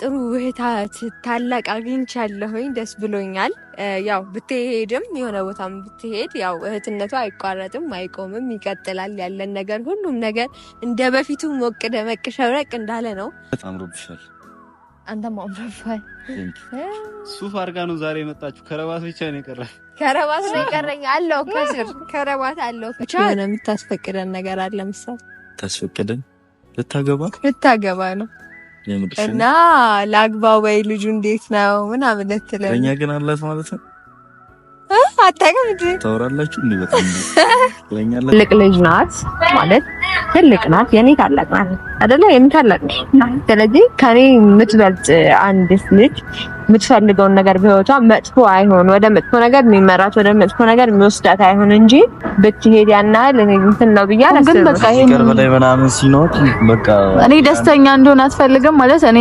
ጥሩ ውህታት ታላቅ አግኝቻለሁኝ። ደስ ብሎኛል። ያው ብትሄድም የሆነ ቦታም ብትሄድ ያው እህትነቱ አይቋረጥም፣ አይቆምም፣ ይቀጥላል። ያለን ነገር ሁሉም ነገር እንደ በፊቱ ሞቅ ደመቅ ሸብረቅ እንዳለ ነው። አምሮብሻል። አንተም አምሮብሻል። ሱፍ አድርጋ ነው ዛሬ የመጣችሁ። ከረባት ብቻ ነው የቀረ። ከረባት ነው የቀረኝ አለው። ከስር ከረባት አለው። ብቻ የሆነ የምታስፈቅደን ነገር አለ ምሳሌ ታስፈቅደን ልታገባ ልታገባ ነው እና ለአግባ ወይ ልጁ እንዴት ነው ምናምን ልትለኝ ለእኛ ግን አላት ማለት ነው። አታውቅም እንዴ ታወራላችሁ? ትልቅ ልጅ ናት ማለት ትልቅ ናት። የኔ ታላቅ ናት አይደለ? የምታላቅ ስለዚህ ከኔ የምትበልጥ አንድ ልጅ የምትፈልገውን ነገር በህይወቷ መጥፎ አይሆን ወደ መጥፎ ነገር የሚመራት ወደ መጥፎ ነገር የሚወስዳት አይሆን እንጂ ብትሄድ ያን ያህል እንትን ነው ብዬ ግን በቃ ይሄን ምናምን ሲኖር በቃ እኔ ደስተኛ እንደሆነ አትፈልግም ማለት እኔ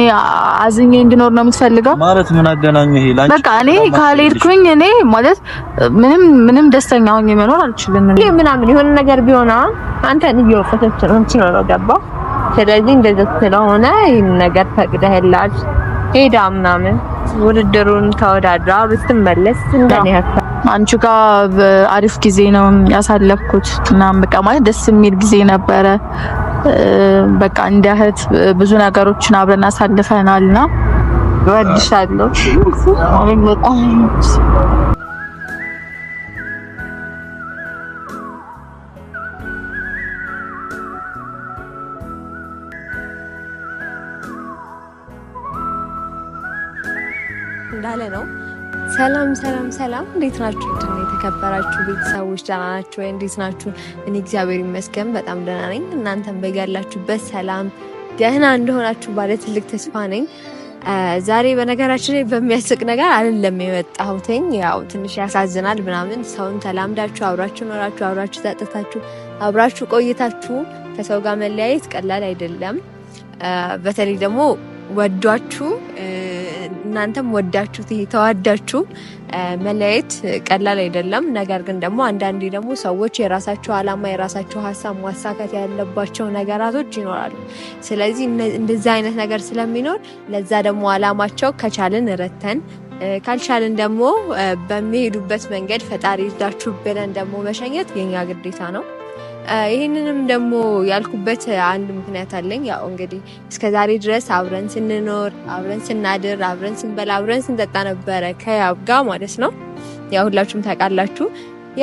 አዝኜ እንድኖር ነው የምትፈልገው ማለት ምን አገናኘ ይሄ ላንቺ? በቃ እኔ ካልሄድኩኝ እኔ ማለት ምንም ምንም ደስተኛ ሆኜ መኖር አልችልም። እኔ ምናምን የሆነ ነገር ቢሆን አንተን እየወቀሰች ነው የምትኖረው ገባ። ስለዚህ እንደዚህ ስለሆነ ይህን ነገር ፈቅደህላት ሄዳ ምናምን ውድድሩን ተወዳድራ ብትመለስ እንደኔ ሀሳብ አንቺ ጋር አሪፍ ጊዜ ነው ያሳለፍኩት ምናምን በቃ ማለት ደስ የሚል ጊዜ ነበረ። በቃ እንደ እህት ብዙ ነገሮችን አብረን አሳልፈናልና እወድሻለሁ። እንዳለ ነው። ሰላም ሰላም ሰላም፣ እንዴት ናችሁ? ድና የተከበራችሁ ቤተሰቦች ደህና ናችሁ ወይ? እንዴት ናችሁ? እኔ እግዚአብሔር ይመስገን በጣም ደህና ነኝ። እናንተም በያላችሁበት ሰላም ደህና እንደሆናችሁ ባለ ትልቅ ተስፋ ነኝ። ዛሬ በነገራችን ላይ በሚያስቅ ነገር አይደለም የመጣሁትኝ። ያው ትንሽ ያሳዝናል ምናምን ሰውን ተላምዳችሁ አብራችሁ ኖራችሁ አብራችሁ ጠጥታችሁ አብራችሁ ቆይታችሁ ከሰው ጋር መለያየት ቀላል አይደለም። በተለይ ደግሞ ወዷችሁ እናንተም ወዳችሁ ተዋዳችሁ መለየት ቀላል አይደለም። ነገር ግን ደግሞ አንዳንዴ ደግሞ ሰዎች የራሳቸው አላማ የራሳቸው ሀሳብ ማሳካት ያለባቸው ነገራቶች ይኖራሉ። ስለዚህ እንደዛ አይነት ነገር ስለሚኖር ለዛ ደግሞ አላማቸው ከቻልን ረተን ካልቻልን ደግሞ በሚሄዱበት መንገድ ፈጣሪ ይርዳችሁ ብለን ደግሞ መሸኘት የኛ ግዴታ ነው። ይህንንም ደግሞ ያልኩበት አንድ ምክንያት አለኝ። ያው እንግዲህ እስከዛሬ ድረስ አብረን ስንኖር፣ አብረን ስናድር፣ አብረን ስንበላ፣ አብረን ስንጠጣ ነበረ ከያብ ጋር ማለት ነው። ያው ሁላችሁም ታውቃላችሁ።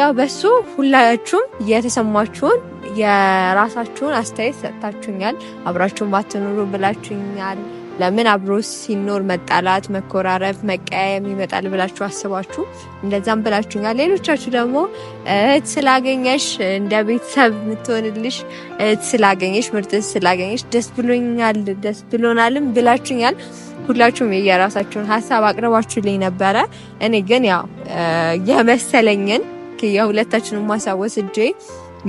ያው በሱ ሁላችሁም የተሰማችሁን የራሳችሁን አስተያየት ሰጥታችሁኛል። አብራችሁን ባትኖሩ ብላችሁኛል። ለምን አብሮ ሲኖር መጣላት፣ መኮራረፍ፣ መቀያየም ይመጣል ብላችሁ አስባችሁ እንደዛም ብላችሁኛል። ሌሎቻችሁ ደግሞ እህት ስላገኘሽ እንደ ቤተሰብ የምትሆንልሽ እህት ስላገኘሽ ምርጥ ስላገኘሽ ደስ ብሎኛል ደስ ብሎናልም ብላችሁኛል። ሁላችሁም የየራሳችሁን ሀሳብ አቅርባችሁልኝ ነበረ። እኔ ግን ያው የመሰለኝን የሁለታችንም ማሳወስ እጄ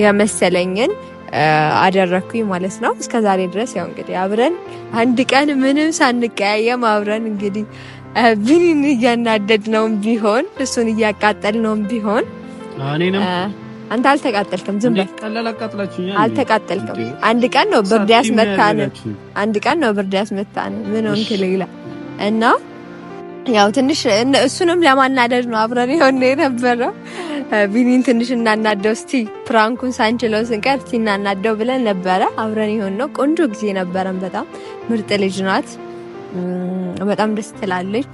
የመሰለኝን አደረግኩኝ ማለት ነው። እስከ ዛሬ ድረስ ያው እንግዲህ አብረን አንድ ቀን ምንም ሳንቀያየም አብረን እንግዲህ ቢኒን እያናደድ ነውም ቢሆን እሱን እያቃጠል ነውም ቢሆን አንተ አልተቃጠልክም፣ ዝም አልተቃጠልክም። አንድ ቀን ነው ብርድ ያስመታን፣ አንድ ቀን ነው ብርድ ያስመታን። ምን ሆንክ ሌላ እና ያው ትንሽ እሱንም ለማናደድ ነው አብረን የሆነ የነበረው ቢኒን ትንሽ እናናደው እስቲ ፕራንኩን ሳንችለው ስንቀር እስቲ እናናደው ብለን ነበረ። አብረን የሆን ነው ቆንጆ ጊዜ ነበረን። በጣም ምርጥ ልጅ ናት። በጣም ደስ ትላለች።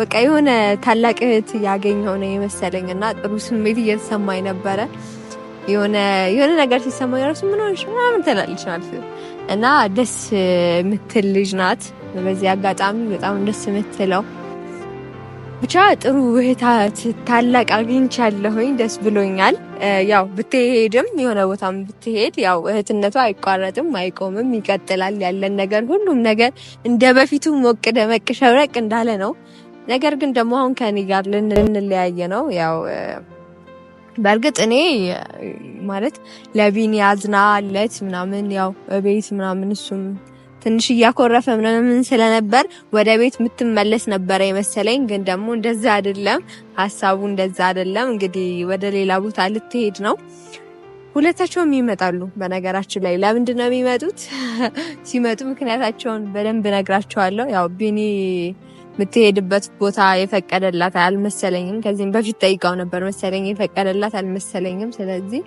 በቃ የሆነ ታላቅ እህት ያገኝ ሆነ የመሰለኝ እና ጥሩ ስሜት እየተሰማኝ ነበረ። የሆነ የሆነ ነገር ሲሰማኝ ራሱ ምን ሆንሽ ምናምን ትላለች ማለት እና ደስ የምትል ልጅ ናት። በዚህ አጋጣሚ በጣም ደስ የምትለው ብቻ ጥሩ ውህታት ታላቅ አግኝቻለሁኝ። ደስ ብሎኛል። ያው ብትሄድም የሆነ ቦታም ብትሄድ ያው እህትነቱ አይቋረጥም፣ አይቆምም፣ ይቀጥላል። ያለን ነገር ሁሉም ነገር እንደ በፊቱ ሞቅ ደመቅ ሸብረቅ እንዳለ ነው። ነገር ግን ደግሞ አሁን ከኔ ጋር ልንለያየ ነው። ያው በእርግጥ እኔ ማለት ለቢኒ አዝናለት ምናምን ያው ቤት ምናምን እሱም ትንሽ እያኮረፈ ምናምን ስለነበር ወደ ቤት የምትመለስ ነበረ የመሰለኝ። ግን ደግሞ እንደዛ አይደለም፣ ሀሳቡ እንደዛ አይደለም። እንግዲህ ወደ ሌላ ቦታ ልትሄድ ነው። ሁለታቸውም ይመጣሉ። በነገራችን ላይ ለምንድን ነው የሚመጡት? ሲመጡ ምክንያታቸውን በደንብ ነግራቸዋለሁ። ያው ቢኒ የምትሄድበት ቦታ የፈቀደላት አልመሰለኝም። ከዚህም በፊት ጠይቀው ነበር መሰለኝ፣ የፈቀደላት አልመሰለኝም። ስለዚህ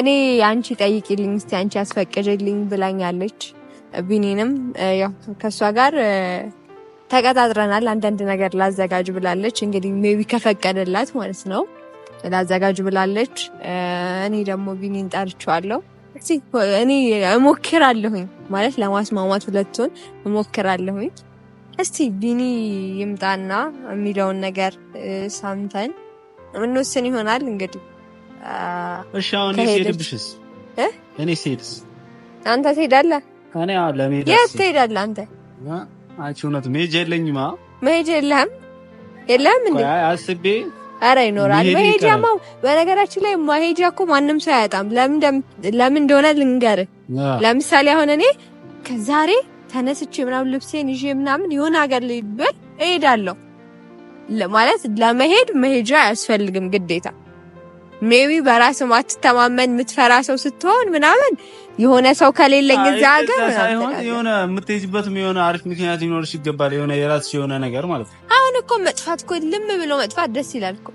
እኔ አንቺ ጠይቂልኝ እስቲ አንቺ ያስፈቅድልኝ ብላኛለች። ቢኒንም ያው ከእሷ ጋር ተቀጣጥረናል። አንዳንድ ነገር ላዘጋጅ ብላለች። እንግዲህ ሜቢ ከፈቀደላት ማለት ነው ላዘጋጅ ብላለች። እኔ ደግሞ ቢኒን ጠርቼዋለሁ። እኔ እሞክራለሁኝ ማለት ለማስማማት ሁለቱን እሞክራለሁኝ። እስቲ ቢኒ ይምጣና የሚለውን ነገር ሰምተን ምንወስን ይሆናል እንግዲህ። እሺ አሁን እኔ ሄድስ? አንተ ትሄዳለህ እኔ አሁን ለመሄድ የት ትሄዳለህ አንተ? አንቺ እውነት መሄጃ የለኝማ። መሄጃ የለህም? የለህም እንዴ? አስቤ አረ ይኖራል መሄጃማ። በነገራችን ላይ መሄጃ እኮ ማንም ሰው አያጣም። ለምን እንደሆነ ልንገርህ። ለምሳሌ አሁን እኔ ከዛሬ ተነስቼ ምናምን ልብሴን ይዤ ምናምን የሆነ ሀገር ልበል እሄዳለሁ ማለት ለመሄድ መሄጃ አያስፈልግም ግዴታ ሜቢ በራስ ማትተማመን የምትፈራ ሰው ስትሆን ምናምን የሆነ ሰው ከሌለኝ እዛ ሀገር የሆነ የምትሄጂበትም የሆነ አሪፍ ምክንያት ሊኖርሽ ይገባል። የሆነ የራስሽ የሆነ ነገር ማለት ነው። አሁን እኮ መጥፋት እኮ ልም ብሎ መጥፋት ደስ ይላል እኮ።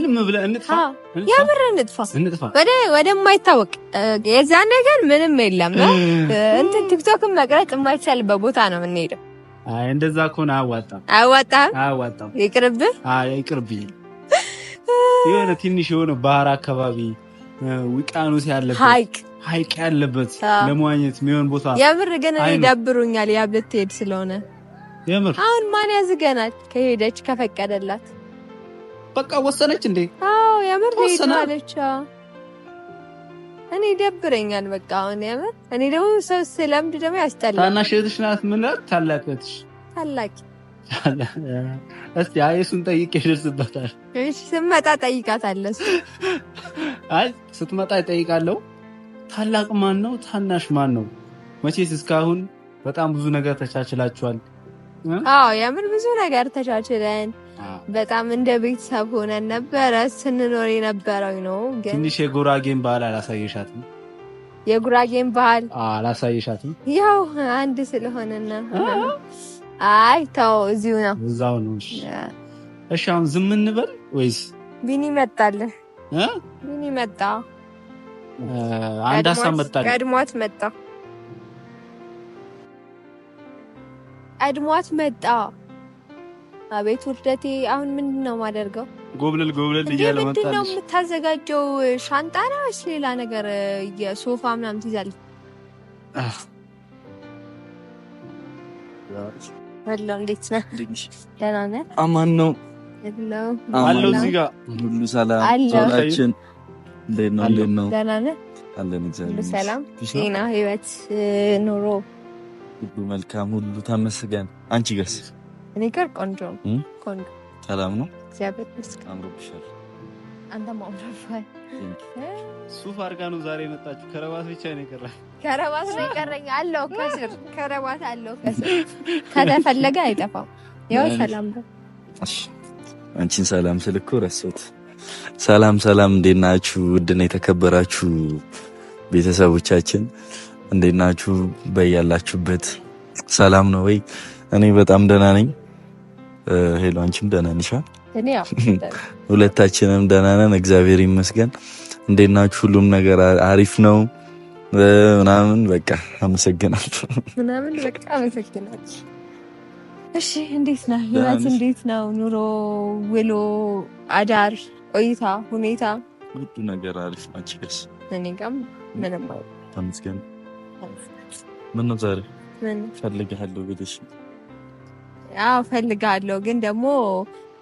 ልም ብለ እንጥፋ፣ የምር እንጥፋ፣ እንጥፋ ወደ ወደማይታወቅ የዛ ነገር ምንም የለም ነው እንትን ቲክቶክን መቅረጥ የማይቻልበት ቦታ ነው የምንሄደው። እንደዛ ከሆነ አያዋጣም፣ አያዋጣም፣ ይቅርብህ፣ ይቅርብኝ የሆነ ትንሽ የሆነ ባህር አካባቢ ውቅያኖስ ያለበት ሀይቅ ያለበት ለመዋኘት የሚሆን ቦታ። የምር ግን እኔ ደብሩኛል። ያብ ልትሄድ ስለሆነ የምር አሁን ማን ያዝገናል? ከሄደች ከፈቀደላት በቃ ወሰነች እንዴ? አዎ የምር ትሄዳለች። እኔ ደብረኛል። በቃ አሁን የምር እኔ ደግሞ ሰው ስለምድ ደግሞ ያስጠላል። ታናሽ እህትሽ ናት? ምን ታላቅ እህትሽ ታላቅ እስቲ አይ እሱን ጠይቄ ይደርስበታል። ስትመጣ ጠይቃታለሁ። አይ ስትመጣ ይጠይቃለሁ። ታላቅ ማን ነው? ታናሽ ማን ነው? መቼስ እስካሁን በጣም ብዙ ነገር ተቻችላችኋል። አዎ የምን ብዙ ነገር ተቻችለን በጣም እንደ ቤተሰብ ሆነን ነበረ ስንኖር የነበረው ነው። ግን ትንሽ የጉራጌን ባህል አላሳየሻትም? የጉራጌን ባህል አላሳየሻትም? ያው አንድ ስለሆነና አይ ተው፣ እዚሁ ነው፣ እዛው ነው። እሺ አሁን ዝም እንበል ወይስ ቢኒ መጣልን? ቢኒ መጣ። አንድ ሀሳብ መጣልን። ቀድሟት መጣ፣ ቀድሟት መጣ። አቤት ውርደቴ! አሁን ምንድን ነው የማደርገው? ጎብለል ጎብለል እያለ መጣለች። ምንድን ነው የምታዘጋጀው? ሻንጣ ነው ወይስ ሌላ ነገር? የሶፋ ምናምን ትይዛለች እንዴት አማን ነው አለው። እዚህ ጋር ሁሉ ሰላም እንዴት ነው? እንዴት ነው? ደህና ነህ? አለን እግዚአብሔር ሰላም፣ ጤና፣ ህይወት፣ ኑሮ ሁሉ መልካም ሁሉ ተመስገን። አንቺ ጋርስ? እኔ ጋር ቆንጆ ቆንጆ ሰላም ነው። እግዚአብሔር ይመስገን። አምሮብሻል አንተ ማምራፋይ ሱፍ አድርጋ ነው ዛሬ የመጣችሁ። ከረባት ብቻ ነው የቀረ። ከረባት ነው የቀረኝ አለው ከስር ከረባት አለው ከስር ከተፈለገ አይጠፋም። ያው ሰላም ነው። እሺ አንቺን ሰላም ስል ረሶት። ሰላም ሰላም፣ እንዴት ናችሁ? ውድና የተከበራችሁ ቤተሰቦቻችን እንዴት ናችሁ? በያላችሁበት ሰላም ነው ወይ? እኔ በጣም ደህና ነኝ። ሄሎ አንቺም ደህና ነሽ? ሁለታችንም ደህና ነን፣ እግዚአብሔር ይመስገን። እንዴት ናችሁ? ሁሉም ነገር አሪፍ ነው ምናምን በቃ አመሰግናለሁ ምናምን በቃ አመሰግናለሁ። እሺ እንዴት ነህ? ህይወት እንዴት ነው? ኑሮ ውሎ አዳር ቆይታ ሁኔታ ሁሉ ነገር አሪፍ ናቸው። ደስ እኔ ጋም ምንም ተመስገን። ምን ነው ዛሬ ምን ፈልግሃለሁ ብለሽ? አዎ ፈልግሃለሁ ግን ደግሞ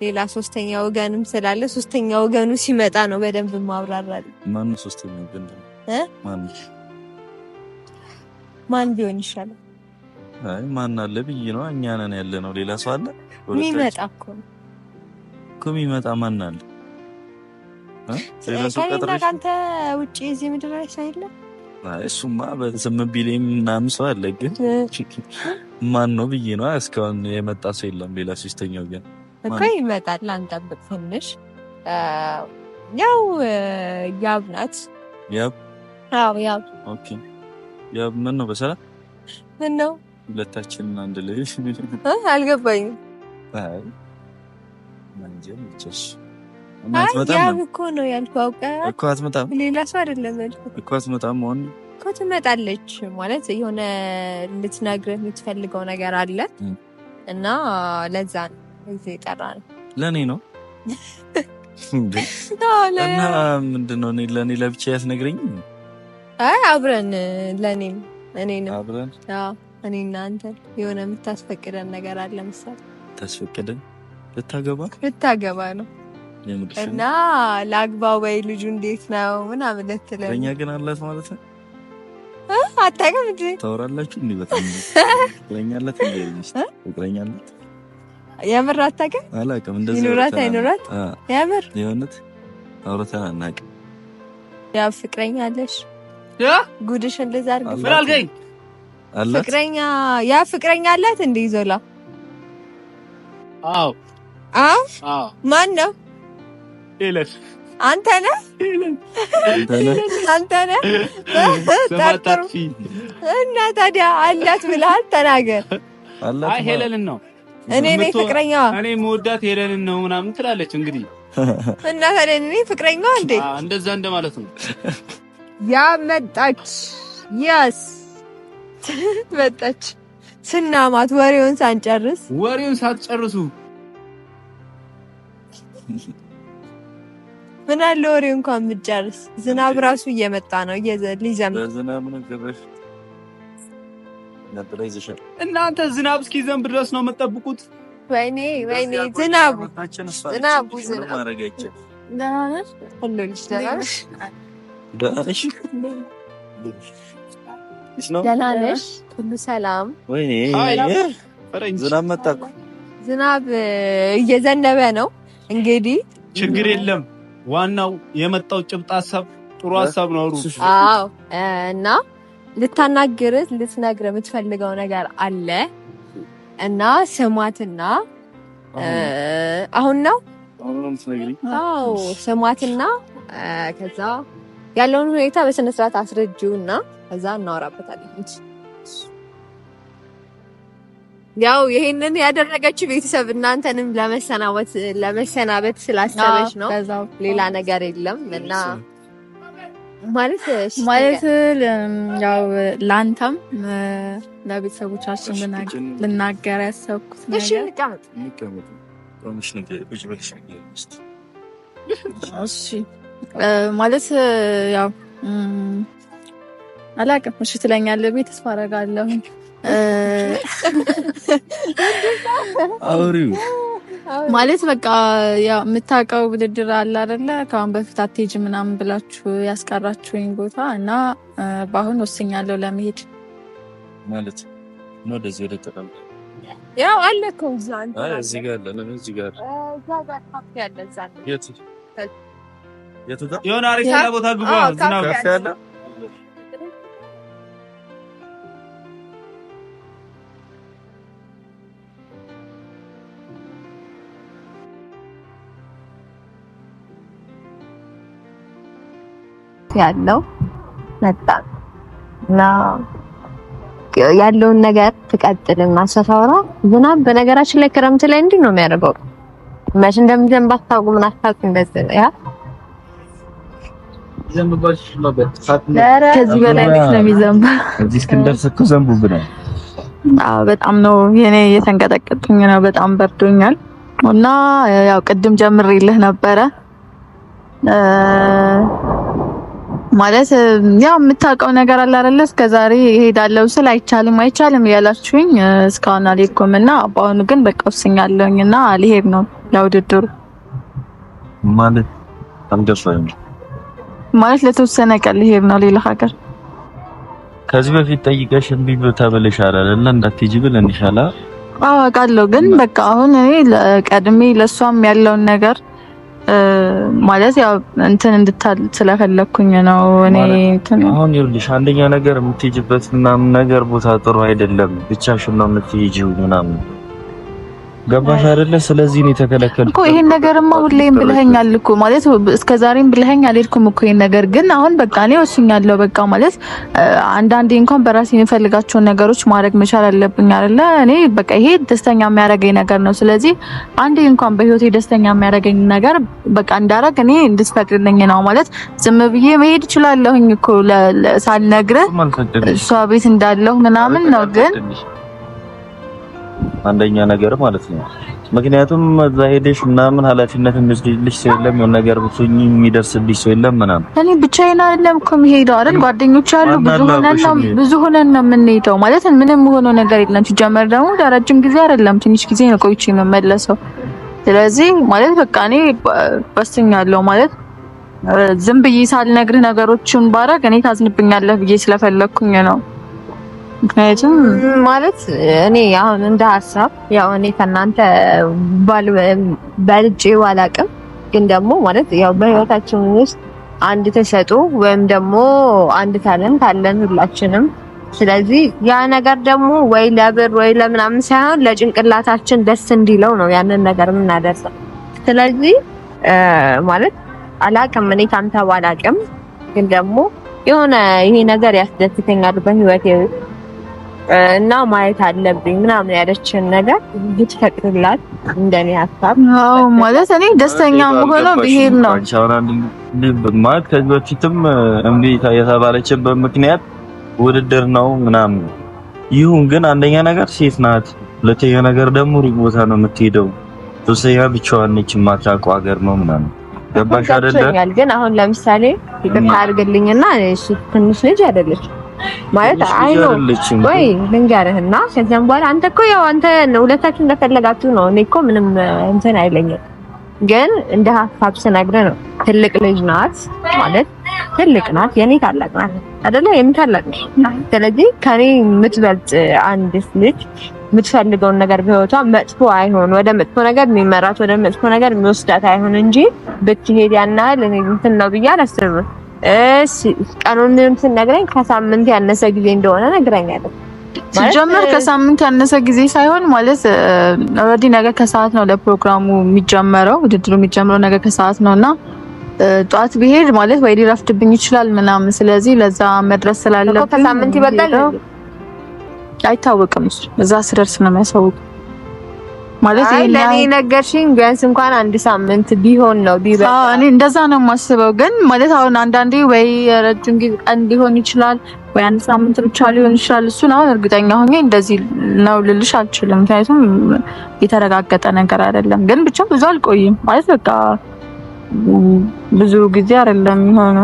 ሌላ ሶስተኛ ወገንም ስላለ ሶስተኛ ወገኑ ሲመጣ ነው በደንብ ማብራራል። ማን ሶስተኛ ወገን ማን ቢሆን ይሻላል? አይ ማን አለ ብዬ ነው። እኛ ነን ያለ ነው። ሌላ ሰው አለ የሚመጣ እኮ ነው እኮ የሚመጣ ማን አለ? ሌላ ሰው ቀጥረሽ አንተ ውጪ እዚህ ምድር ላይ ሳይለ እሱማ በስም ቢሌም ምናምን ሰው አለ፣ ግን ማን ነው ብዬ ነው። እስካሁን የመጣ ሰው የለም። ሌላ ሶስተኛ ወገን እኮ ይመጣል። አንጠብቅ ትንሽ ያው ያብ ናት። ያብ አዎ፣ ያብ ኦኬ። ያብ ምን ነው በሰላም ምን ነው ሁለታችን አንድ ላይ አልገባኝም። ያብ እኮ ነው ያልኩህ። አውቀህ እኮ አትመጣም፣ ሌላ ሰው አይደለም ያልኩህ እኮ አትመጣም። እኮ ትመጣለች ማለት የሆነ ልትነግርህ የምትፈልገው ነገር አለ እና ለዛ ነው እዚህ የጠራ ነው። ለእኔ ነው እና ምንድነው? እኔ ለእኔ ለብቻ ያስነግረኝ። አይ አብረን ለእኔም እኔንም አብረን እኔ እናንተ የሆነ የምታስፈቅደን ነገር አለ ምሳሌ ታስፈቅደን ልታገባ ልታገባ ነው እና ለአግባው በይ ልጁ እንዴት ነው ምናምን ልትለኝ። በእኛ ግን አላት ማለት ነው አታውቅም እንዴ? ታወራላችሁ እንዴ? በጣም ፍቅረኛ አላት እንዴ? ፍቅረኛ አላት የምር አታውቅም? አላውቅም። እንደዚህ ይኑራት አይኑራት የምር የሆነት አውርተን አናውቅም። ያ ፍቅረኛ አለሽ? ያ ጉድሽ እንደዛ አድርገሽ ምን አልከኝ? አላት ፍቅረኛ ያ ፍቅረኛ አላት እንደ ይዞላ አዎ፣ አዎ፣ አዎ። ማን ነው? ኤለስ አንተ ነህ አንተ ነህ። እና ታዲያ አላት ብለሃል? ተናገር። አይ ሄለንን ነው እኔ ነኝ ፍቅረኛ እኔ መወዳት የለንን ነው ምናምን ትላለች። እንግዲህ እና ታዲያ እኔ ፍቅረኛዋ እንዴ? እንደዛ እንደማለት ነው። ያ መጣች፣ ያስ መጣች። ስናማት ወሬውን ሳንጨርስ ወሬውን ሳትጨርሱ ምን አለ ወሬ እንኳን ብትጨርስ። ዝናብ ራሱ እየመጣ ነው ሊዘንብ እናንተ ዝናብ እስኪ ዘንብ ድረስ ነው የምጠብቁት? ወይኔ ወይኔ፣ ዝናቡ ዝናቡ ደህና ነሽ? ሁሉ ሰላም? ወይኔ ዝናብ መጣ እኮ ዝናብ እየዘነበ ነው። እንግዲህ ችግር የለም። ዋናው የመጣው ጭብጥ ሀሳብ ጥሩ ሀሳብ ነው። እና ልታናግርህ ልትነግር የምትፈልገው ነገር አለ እና ስማትና አሁን ነው አዎ ስማትና ከዛ ያለውን ሁኔታ በስነ ስርዓት እና ከዛ እናወራበታለን ያው ይሄንን ያደረገችው ቤተሰብ እናንተንም ለመሰናበት ለመሰናበት ስላሰበች ነው። ሌላ ነገር የለም እና ማለት ማለት ያው ለአንተም ለቤተሰቦቻችን ልናገር ያሰብኩት ማለት ያው አላውቅም። እሺ ትለኛለህ ቤት ተስፋ አደርጋለሁ። ማለት በቃ ያው የምታውቀው ውድድር አለ አይደለ? ከአሁን በፊት አትሄጂ ምናምን ብላችሁ ያስቀራችሁኝ ቦታ እና በአሁን ወስኛለሁ ለመሄድ ማለት ነው። ወደዚህ ወደ ተቀምጠ ያው አለ እኮ እዛ እዚህ ጋር አለ ነው እዚህ ጋር የቱ ጋር የሆነ አሪፍ ያለ ቦታ ግባ ዝናብ ከፍ ያለ ያለው መጣ እና ያለውን ነገር ትቀጥልና ስታወራ ዝናብ በነገራችን ላይ ክረምት ላይ እንዲህ ነው የሚያደርገው። መቼ እንደምንዘንብ አታውቅም፣ ምን አታውቁ እንደዚህ ያ ከዚህ በላይ ነው የሚዘንበው። እዚህ እስክንደርስ እኮ ዘንቡብናል። አዎ በጣም ነው የኔ የተንቀጠቀጥኩኝ ነው። በጣም በርዶኛል እና ያው ቅድም ጀምሬልህ ነበረ ማለት ያው የምታውቀው ነገር አለ አይደለ? እስከ ዛሬ እሄዳለሁ ስል አይቻልም አይቻልም እያላችሁኝ እስካሁን አልሄድኩም እና በአሁኑ ግን በቃ ወስኛለሁኝ እና ሊሄድ ነው ለውድድሩ። ማለት አልገባኝ። ማለት ለተወሰነ ቀን ልሄድ ነው ሌላ ሀገር። ከዚህ በፊት ጠይቀሽ እምቢ ተብለሻል እና እንዳትሄጂ ብለንሻል። አዎ አውቃለሁ፣ ግን በቃ አሁን እኔ ቀድሜ ለእሷም ያለውን ነገር ማለት ያው እንትን እንድታል ስለፈለኩኝ ነው። እኔ እንትን አሁን ይኸውልሽ አንደኛ ነገር የምትሄጂበት ምናምን ነገር ቦታ ጥሩ አይደለም፣ ብቻሽን ነው የምትሄጂው ምናምን ገባሽ አይደለ? ስለዚህ ነው የተከለከለው እኮ። ይሄን ነገርማ ሁሌም ብለኸኛል እኮ ማለት እስከ ዛሬም ብለኸኝ አልሄድኩም እኮ ይሄን ነገር። ግን አሁን በቃ እኔ ወስኛለሁ በቃ ማለት አንዳንዴ እንኳን በራሴ የምፈልጋቸውን ነገሮች ማድረግ መቻል አለብኝ አይደለ? እኔ በቃ ይሄ ደስተኛ የሚያደርገኝ ነገር ነው። ስለዚህ አንዴ እንኳን በህይወቴ ደስተኛ የሚያደርገኝ ነገር በቃ እንዳረግ እኔ እንድትፈቅድልኝ ነው ማለት። ዝም ብዬ መሄድ እችላለሁኝ እኮ ሳልነግርህ እሷ ቤት እንዳለሁ ምናምን ነው ግን አንደኛ ነገር ማለት ነው። ምክንያቱም እዛ ሄደሽ ምናምን ኃላፊነት የሚወስድልሽ ሰው የለም፣ የሆነ ነገር ብትሆኚ የሚደርስልሽ ሰው የለም ምናምን። እኔ ብቻዬን አይደለም እኮ የምሄደው አይደል፣ ጓደኞች አሉ። ብዙ ሆነን ነው ብዙ ሆነን ነው የምንሄደው ማለት ምንም ሆኖ ነገር የለም። ሲጀመር ደግሞ ለረጅም ጊዜ አይደለም ትንሽ ጊዜ ነው ቆይቼ የምመለሰው። ስለዚህ ማለት በቃ እኔ በስኛለሁ ማለት ዝም ብዬ ሳልነግርህ ነገሮችን ባረግ እኔ ታዝንብኛለህ ብዬ ስለፈለኩኝ ነው። ምክንያቱም ማለት እኔ አሁን እንደ ሀሳብ ያው እኔ ከእናንተ በልጭ አላቅም፣ ግን ደግሞ ማለት ያው በህይወታችን ውስጥ አንድ ተሰጦ ወይም ደግሞ አንድ ታለንት አለን ሁላችንም። ስለዚህ ያ ነገር ደግሞ ወይ ለብር ወይ ለምናምን ሳይሆን ለጭንቅላታችን ደስ እንዲለው ነው ያንን ነገር የምናደርሰው። ስለዚህ ማለት አላቅም እኔ ካንተ ባላቅም፣ ግን ደግሞ የሆነ ይሄ ነገር ያስደስተኛል በህይወቴ እና ማየት አለብኝ ምናምን ያለችን ነገር ብትፈቅድላት እንደኔ ሀሳብ አዎ፣ ማለት እኔ ደስተኛ መሆነው ብሄድ ነው ማለት ከዚህ በፊትም እምቢ የተባለችበት ምክንያት ውድድር ነው ምናምን ይሁን፣ ግን አንደኛ ነገር ሴት ናት፣ ሁለተኛ ነገር ደግሞ ሩቅ ቦታ ነው የምትሄደው፣ ሶስተኛ ብቻዋን ነች፣ የማታውቀው ሀገር ነው ምናምን ገባሽ አይደለ? ግን አሁን ለምሳሌ ይቅርታ አድርግልኝና ትንሽ ልጅ አይደለችም ማለት አይኖ ወይ ልንገርህ እና ከዚያም በኋላ አንተ እኮ ያው አንተ ሁለታችሁ እንደፈለጋችሁ ነው። እኔ እኮ ምንም እንትን አይለኝም፣ ግን እንደ ሀሳብ ስነግርህ ነው ትልቅ ልጅ ናት ማለት ትልቅ ናት፣ የኔ ታላቅ ናት አይደለ? የኔ ታላቅ ነሽ። ስለዚህ ከኔ የምትበልጥ አንድ ልጅ የምትፈልገውን ነገር በህይወቷ መጥፎ አይሆን ወደ መጥፎ ነገር የሚመራት ወደ መጥፎ ነገር የሚወስዳት አይሆን እንጂ ብትሄድ ያናል እንትን ነው ብዬ አላስብም። ቀኑን ቀኑንም ስነግረኝ ከሳምንት ያነሰ ጊዜ እንደሆነ ነግረኛለች። ሲጀምር ከሳምንት ያነሰ ጊዜ ሳይሆን ማለት ኦልሬዲ ነገ ከሰዓት ነው ለፕሮግራሙ የሚጀመረው፣ ውድድሩ የሚጀምረው ነገ ከሰዓት ነው እና ጠዋት ብሄድ ማለት ወይ ሊረፍድብኝ ይችላል ምናምን። ስለዚህ ለዛ መድረስ ስላለብኝ ከሳምንት ይበልጣል አይታወቅም። እዛ ስደርስ ነው የሚያሳውቅ ማለት ይሄ ለኔ ነገርሽኝ ቢያንስ እንኳን አንድ ሳምንት ቢሆን ነው ቢበቃ። አዎ እኔ እንደዛ ነው የማስበው። ግን ማለት አሁን አንዳንዴ ወይ ረጅም ጊዜ ቀን ሊሆን ይችላል ወይ አንድ ሳምንት ብቻ ሊሆን ይችላል። እሱን አሁን እርግጠኛ ሆኜ እንደዚህ ነው ልልሽ አልችልም፣ ምክንያቱም የተረጋገጠ ነገር አይደለም። ግን ብቻ ብዙ አልቆይም ማለት በቃ ብዙ ጊዜ አይደለም የሆነ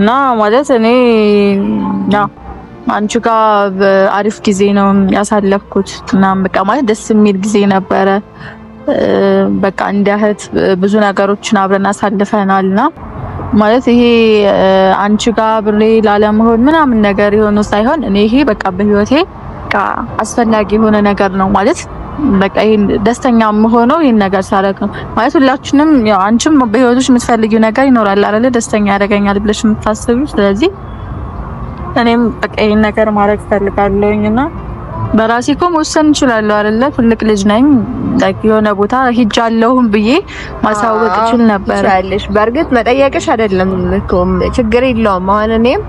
እና ማለት እኔ ያው አንቺ ጋር አሪፍ ጊዜ ነው ያሳለፍኩት ምናምን በቃ ማለት ደስ የሚል ጊዜ ነበረ። በቃ እንደ እህት ብዙ ነገሮችን አብረን አሳልፈናልና ማለት ይሄ አንቺ ጋር ብሬ ላለመሆን ምናምን ነገር የሆነ ሳይሆን እኔ ይሄ በቃ በህይወቴ በቃ አስፈላጊ የሆነ ነገር ነው ማለት በቃ ይሄን ደስተኛ የምሆነው ይሄን ነገር ሳደርግ ነው ማለት ሁላችንም ያው አንቺም በህይወትሽ የምትፈልጊው ነገር ይኖራል አይደለ? ደስተኛ ያደርገኛል ብለሽ የምታስቢው ስለዚህ እኔም በቃ ይሄን ነገር ማድረግ ፈልጋለሁኝ እና በራሴ እኮ መወሰን እችላለሁ አይደለ? ትልቅ ልጅ ነኝ። የሆነ ቦታ ሂጃለሁም ብዬ ማሳወቅ እችል ነበር ይችላልሽ። በእርግጥ መጠየቅሽ አይደለም እኮ ችግር የለውም። አሁን እኔም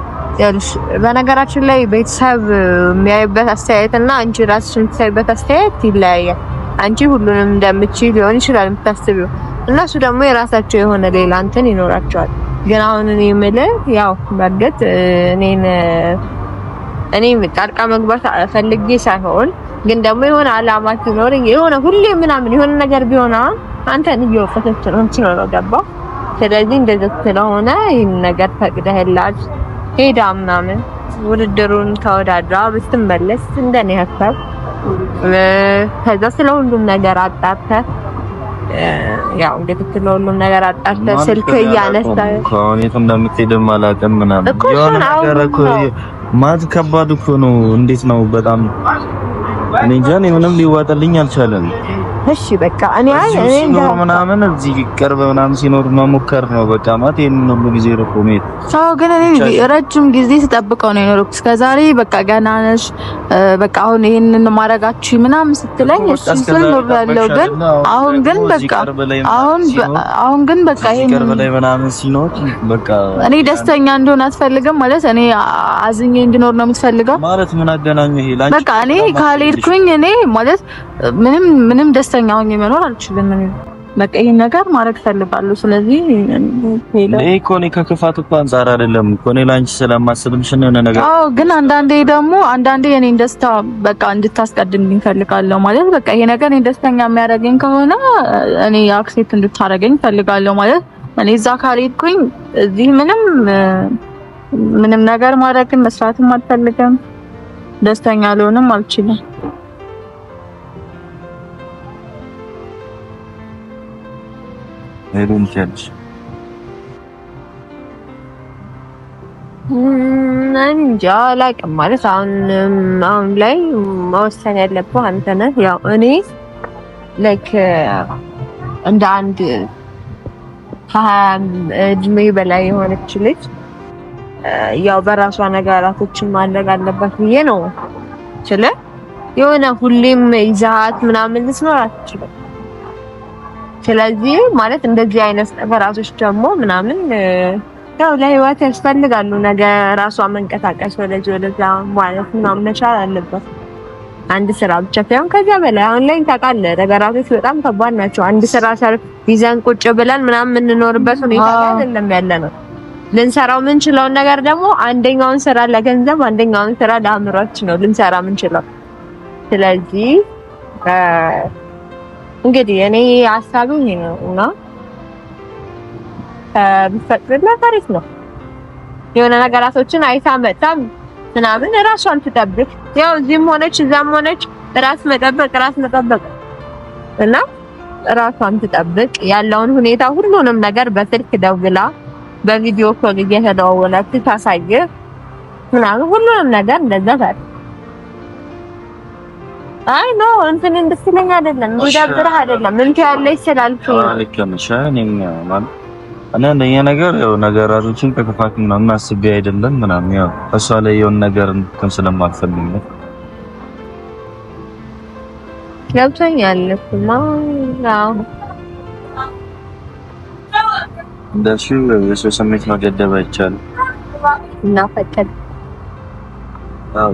ያሉሽ በነገራችን ላይ ቤተሰብ የሚያይበት አስተያየት እና አንቺ ራስሽ የምታይበት አስተያየት ይለያያል። አንቺ ሁሉንም እንደምችል ሊሆን ይችላል የምታስቢው፣ እነሱ ደግሞ የራሳቸው የሆነ ሌላ እንትን ይኖራቸዋል። ግን አሁን እኔ የምልህ ያው በእርግጥ እኔን እኔ ጣልቃ መግባት ፈልጌ ሳይሆን ግን ደግሞ የሆነ አላማ ሲኖረኝ የሆነ ሁሌ ምናምን የሆነ ነገር ቢሆን አንተን እየወቀሰች ነው እንትን ነው ገባ። ስለዚህ እንደዚህ ስለሆነ ይህን ነገር ፈቅደህላት ሄዳ ምናምን ውድድሩን ተወዳድራ ብትመለስ እንደኔ ሀሳብ ከዛ ስለ ሁሉም ነገር አጣርተህ ያው እንደ ነው። ነገር ስልክ የት እንደምትሄድም አላውቅም ምናምን የሆነ ነገር እኮ ማለት ከባድ እኮ ነው። እንዴት ነው በጣም እኔ እንጃ፣ ምንም ሊዋጠልኝ አልቻለም። እሺ በቃ እኔ አይ እኔ ሲኖር ምናምን እዚህ ቅርብ ምናምን ሲኖር መሞከር ነው በቃ ማለት ይሄን ሁሉ ጊዜ ርቆ መሄድ። አዎ ግን እኔ ረጅም ጊዜ ስጠብቀው ነው የኖርኩት እስከዛሬ። በቃ ገና ነሽ በቃ አሁን ይሄንን ማረጋችሁ ምናምን ስትለኝ እሺ ስል ነው ያለው። ግን አሁን ግን በቃ አሁን አሁን ግን በቃ ይሄን ቅርብ ላይ ምናምን ሲኖር በቃ እኔ ደስተኛ እንደሆነ አትፈልግም ማለት እኔ አዝኜ እንድኖር ነው የምትፈልገው ማለት ምን አገናኘው ይሄ ላንቺ በቃ እኔ ካልሄድኩኝ እኔ ማለት ምንም ምንም ደስ ደስተኛ ሆኜ መኖር አልችልም። በቃ ይሄን ነገር ማድረግ ፈልጋለሁ። ስለዚህ እኔ እኮ እኔ ከክፋት እኮ አንጻር አይደለም እኮ እኔ ላንቺ ስለማስብልሽ ነው የሆነ ነገር። አዎ፣ ግን አንዳንዴ ደግሞ አንዳንዴ የእኔን ደስታ በቃ እንድታስቀድም እፈልጋለሁ። ማለት በቃ ይሄ ነገር እኔ ደስተኛ የሚያደርገኝ ከሆነ እኔ አክሴፕት እንድታደርገኝ እፈልጋለሁ። ማለት እኔ እዛ ካልሄድኩኝ እዚህ ምንም ምንም ነገር ማድረግን መስራትም አልፈልግም። ደስተኛ ልሆንም አልችልም። ሄዱን ትያለሽ እንጃ አላውቅም። ማለት አሁን አሁን ላይ መወሰን ያለብህ አንተ ነህ። ያው እኔ ላይክ እንደ አንድ እድሜ በላይ የሆነች ልጅ ያው በራሷ ነገራቶችን ማድረግ አለባት ብዬ ነው ችለ የሆነ ሁሌም ይዛት ምናምን ልትኖር አትችልም። ስለዚህ ማለት እንደዚህ አይነት ፈራሶች ደግሞ ምናምን ያው ለህይወት ያስፈልጋሉ። ነገ ራሷ መንቀሳቀስ ወደዚህ ወደዛ ማለት ምናምን መቻል አለበት። አንድ ስራ ብቻ ሳይሆን ከዚያ በላይ አሁን ላይ ታውቃለህ፣ ነገራቶች በጣም ከባድ ናቸው። አንድ ስራ ሰርፍ ይዘን ቁጭ ብለን ምናምን የምንኖርበት ሁኔታ አይደለም ያለ ነው። ልንሰራው የምንችለውን ነገር ደግሞ አንደኛውን ስራ ለገንዘብ፣ አንደኛውን ስራ ለአእምሯችን ነው ልንሰራ የምንችለው ስለዚህ እንግዲህ እኔ ሀሳቡ ይሄ ነው እና ቢፈቅድላት አሪፍ ነው። የሆነ ነገራቶችን አይታ መጣም ምናምን ራሷን ትጠብቅ። ያው እዚህም ሆነች እዛም ሆነች ራስ መጠበቅ ራስ መጠበቅ እና ራሷን ትጠብቅ። ያለውን ሁኔታ ሁሉንም ነገር በስልክ ደውላ በቪዲዮ ኮል እየተደዋወለች ታሳየ ምናምን ሁሉንም ነገር እንደዛ ታዲያ አይ ኖ እንትን እንድትለኝ አይደለም እንዲዳብርህ አይደለም እንትን ያለች ስላልኩኝ እና ነገር ያው ነገራቶችን ከክፋት ምናምን አስቤ አይደለም ምናምን ያው እሷ ላይ የሆነ ነገር እንትን ስለማልፈልግ ነው። ገብቶኛል እኮማ የሰው ስሜት መገደብ አይቻልም እና ፈቀድ አዎ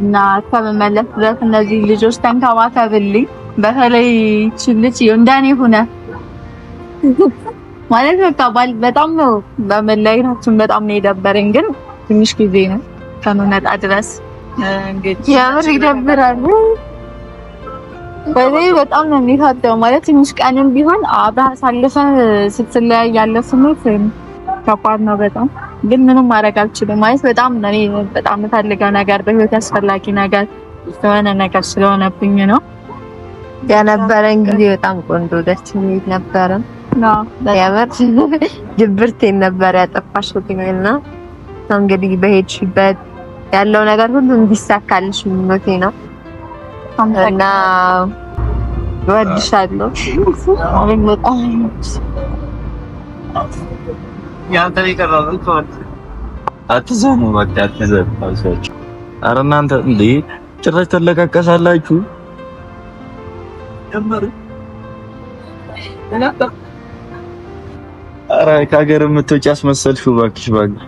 እና ከምመለስ ድረስ እነዚህ ልጆች ተንከባከብልኝ። በተለይ ችልች እንደኔ ሆነ ማለት በቃ በጣም ነው በመለየታችን በጣም ነው የደበረኝ፣ ግን ትንሽ ጊዜ ነው ከምመጣ ድረስ እንግዲህ የምር ይደብራል። በዚህ በጣም ነው የሚታደው ማለት ትንሽ ቀንም ቢሆን አብረህ አሳልፈህ ስትለያይ ያለው ስሜት ከባድ ነው በጣም ግን ምንም ማድረግ አልችልም። ማለት በጣም እኔ በጣም የምፈልገው ነገር በህይወት ያስፈላጊ ነገር የሆነ ነገር ስለሆነብኝ ነው። የነበረን ጊዜ በጣም ቆንጆ ደስ የሚል ነበረ። ያበር ድብርቴን ነበር ያጠፋሽብኝ እና እንግዲህ በሄድሽበት ያለው ነገር ሁሉ እንዲሳካልሽ ምኞቴ ነው እና እወድሻለሁ። ያንተ ላይ ቀረበ አትዘኑ፣ በቃ አትዘኑ። ሰዎች ኧረ እናንተ እንዴ ጭራሽ ተለቃቀሳላችሁ። ኧረ ከሀገር የምትወጪ አስመሰልሽው፣ እባክሽ እባክሽ።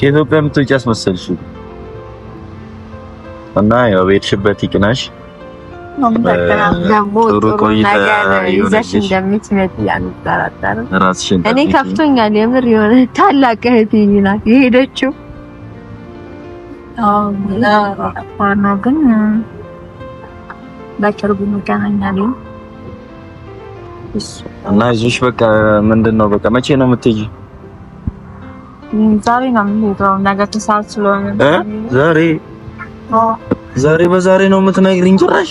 ከኢትዮጵያ የምትወጪ አስመሰልሽው እና ያው ቤትሽበት ይቅናሽ። ጥሩ ቆይታ ይዘሽ እንደምትመጪ አንጠራጠርም። እኔ ከፍቶኛል የምር የሆነ ታላቅ እህቴ ናት የሄደችው። ዋናው ግን በቅርቡ እንገናኛለን እና ይዞሽ በቃ ምንድን ነው በቃ መቼ ነው የምትሄጂው? ዛሬ ነው የምሄደው። ነገ ተሳስሎ ዛሬ ዛሬ በዛሬ ነው የምትነግሪኝ ጭራሽ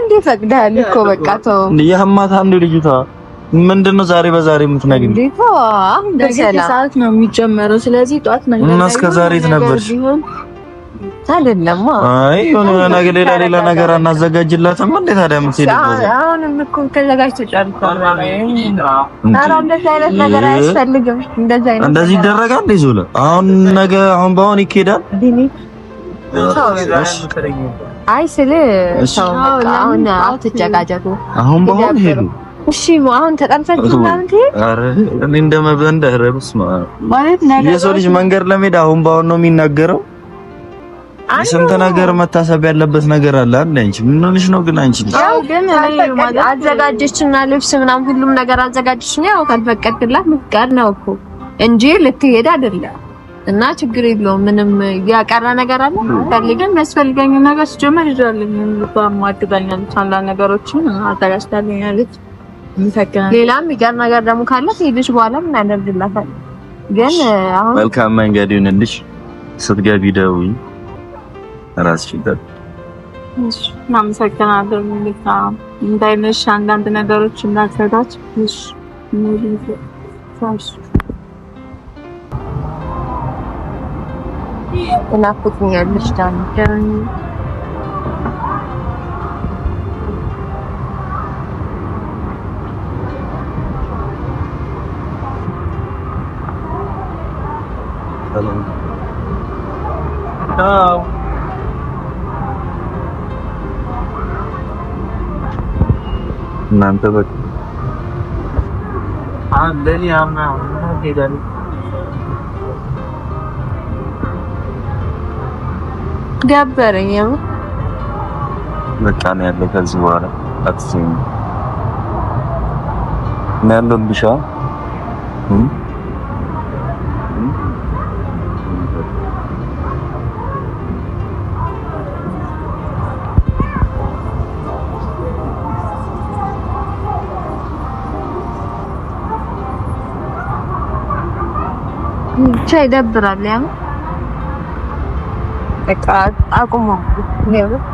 እንዴ ፈቅዳል እኮ በቃ ተው። የህማት አንዴ ልጅቷ ምንድን ነው ዛሬ በዛሬ የምትነግኝ? ሰዓት ነው የሚጀመረው። ስለዚህ ጠዋት ነው እና እስከ ዛሬ የት ነበርሽ? አይደለም አይ ሌላ ሌላ ነገር አናዘጋጅላትም እንዴ ታዲያ እንደዚህ ይደረጋል። አሁን ነገ አሁን በአሁን ይኬዳል። አይ ስል ሰው አሁን አትጨቃጨቁ። አሁን በአሁን ሄዱ። እሺ አሁን ተጣልታችሁ የሰው ልጅ መንገድ ለመሄድ አሁን በአሁን ነው የሚናገረው። ስንት ነገር መታሰብ ያለበት ነገር አለ። አንድ አንቺ ምን ሆነሽ ነው ግን? አንቺ ያው ግን አዘጋጀችና ልብስ ምናምን ሁሉም ነገር አዘጋጀች ነው። ያው ካልፈቀድክላት ምትቀር ነው እኮ እንጂ ልትሄድ አይደለም እና ችግር የለውም። ምንም ያቀረ ነገር አለ ፈልገን የሚያስፈልገኝ ነገር ስጀመር ይዛልኝ ማድጋኛለች አንዳንድ ነገሮችን አዘጋጅታለኛለች። ሌላም ይቀር ነገር ደግሞ ካለ ሄድሽ በኋላ ምን ያደርግላታል። ግን አሁን መልካም መንገድ ይሁንልሽ። ስትገቢ ደውይ ራስ ይደር። እሺ እናመሰግናለን። እንዳይመሽ አንዳንድ ነገሮች እንዳዘጋጅ እሺ Wala po kong understand dyan. Hello. Hello. नाम तो Ah, हाँ दिल्ली हम ना दिल्ली ገበረኝ የምር በቃ ነው ያለው። ከዚህ በኋላ አትስኝ እና ያለው ብሻ ብቻ ይደብራል ያምር é claro, há ah, como medo,